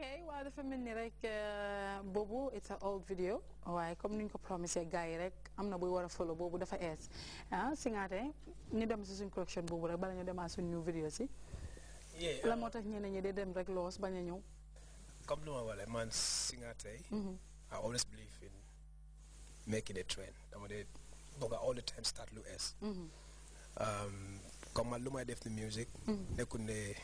ok waaw dafa mel ni rek boobu it's an old video waaye oh, i ni ñu ko promisé gars yi rek am na buy war a follow boobu dafa ees ah Singaate ñu dem si suñ collection Bobo, rek bala ñu demaat suñ new video si. la moo tax ñeneen ñi day dem rek loos bañ a ñëw. comme lu ma wale man Singaate. Eh? Mm-hmm. I always believe in making a trend I'm gonna all the time start Louis. Mm-hmm. Um, lu ees. comme man lu may def the music. nekkul mm-hmm. ne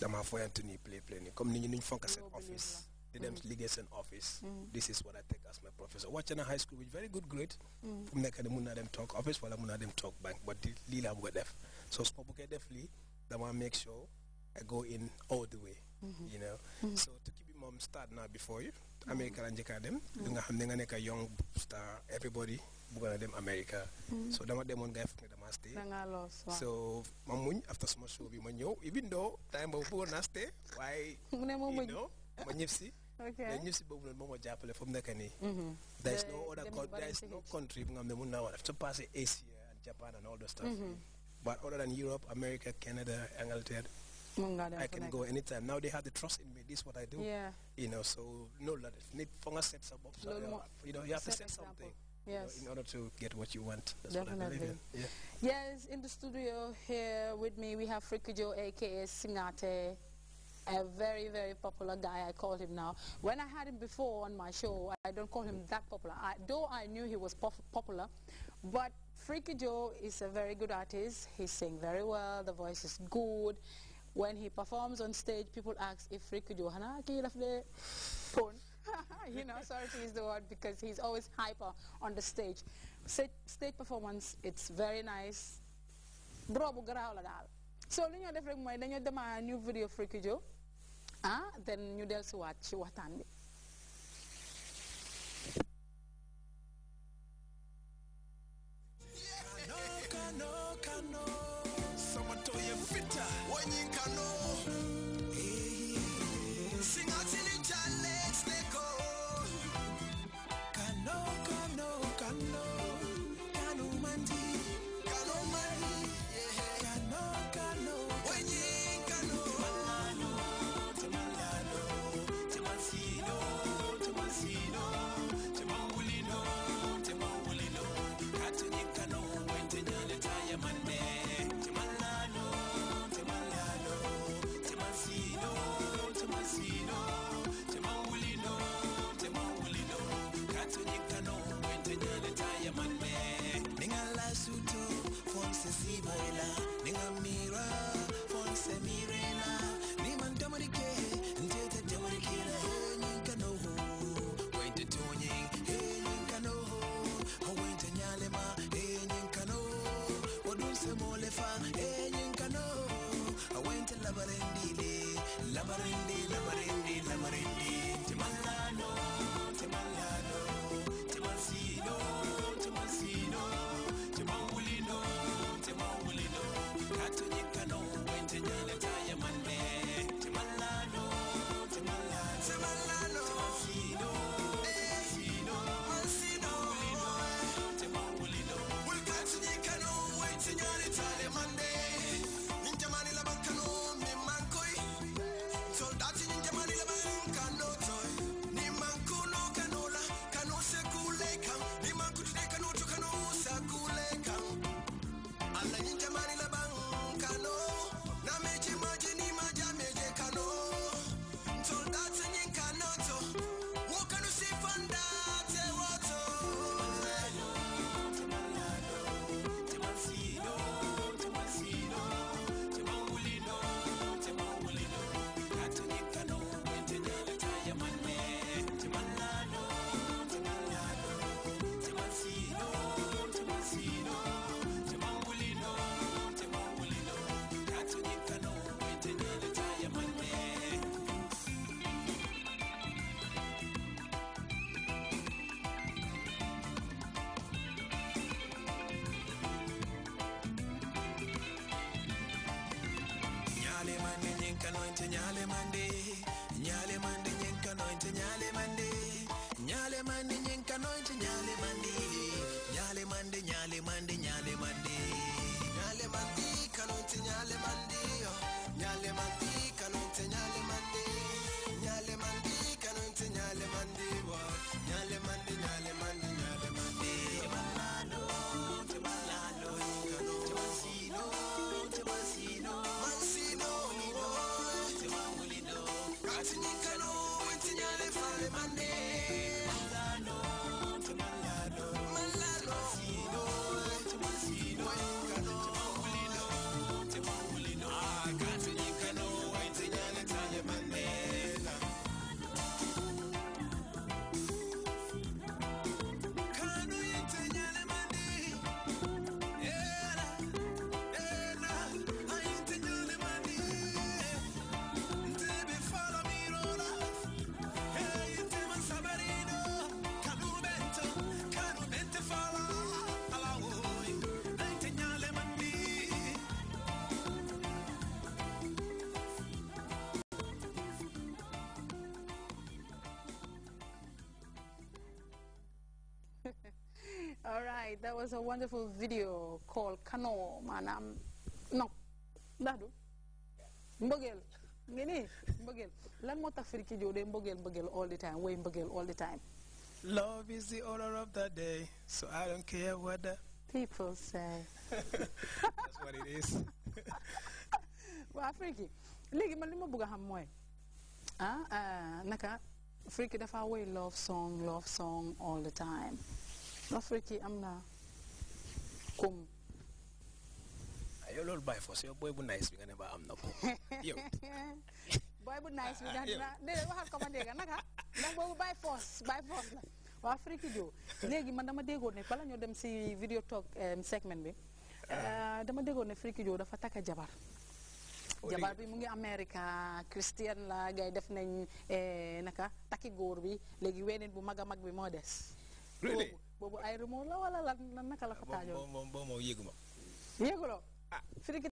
damaa foyante nii play play nii comme nit ñi nuñ fonk seen office di dem mm. liggéey seen office mm. this is what I take as my professor wàcce na high school with very good grade mm. fu the nekk ni mun talk dem toog office wala mun naa dem talk bank but lii laa bëgg a def so su ma bëggee def lii damaa make sure I go in all the way mm-hmm. you know mm-hmm. so keep bi mom start now before you mm-hmm. America la njëkkaa dem nga xam ne nga nekk young star everybody bëgg na dem America so dama demoon ngay foog ne naa so ma after suma show bi ma know, even though time of bëggoon naa stay waaye mu ne ma muñ ma ñëpp si mais ñëpp there is no other country there is no country bu nga xam ne mun naa to Asia and Japan and all the stuff mm-hmm. but other than Europe America Canada England, I can go anytime. Now they have the trust in me. This is what I do. Yeah. You know, so no, that need for you know, you have to say something yes. know, in order to get what you want. That's Definitely. In. Yeah. Yes, in the studio here with me, we have Frikujo, a.k.a. Singate, a very, very popular guy, I call him now. When I had him before on my show, I don't call him that popular. I, though I knew he was popular, but Freaky Joe is a very good artist. He sings very well, the voice is good. When he performs on stage, people ask if Freaky Joe, Hanaki, left the phone. you know, sorry to use the word because he's always hyper on the stage. Stage, stage performance, it's very nice. Brobu garaaw la daal. so li ñoo def rek you have my new video Freaky Joe ah then you dellusiwaat ci waxtaan bi. Someone told you fitter. mande nyenka nointe nyale mande nyale mande nyenka nointe nyale mande nyale mande nyenka nointe nyale mande nyale mande nyale mande nyale mande nyale mande kanointe nyale mande nyale mande right, that was a wonderful video called Kano Manam no ndax du mbëggeel ngi nii mbëggeel lan moo tax Firiki Jow de mbëggeel all the time way mbëggeel all the time love is the order of the day so I don't care what the people say that's what it is Well, Firiki léegi man li ma bëgg a xam mooy ah, ah naka Firiki dafa love song love song all the time Afrique am na comme. Ah, yow loolu bàyyi foofu booy bu nice bi nga ne ba am na ko yow. booy ah, boobu bàyyi force la waa Afrique joo léegi man dama déggoon ne bala ñoo dem si video talk segment bi ah. eh, dama déggoon ne Afrique joo dafa takka jabar. Oh, jabar bi mu ngi America Christian la gay def nañ eh, naka takki góor bi léegi weneen bu mag a mag bi moo des. boobu ay remor la wala lan naka la ko taajoo. boobu moom boobu moom yëgu ma. yëguloo ah.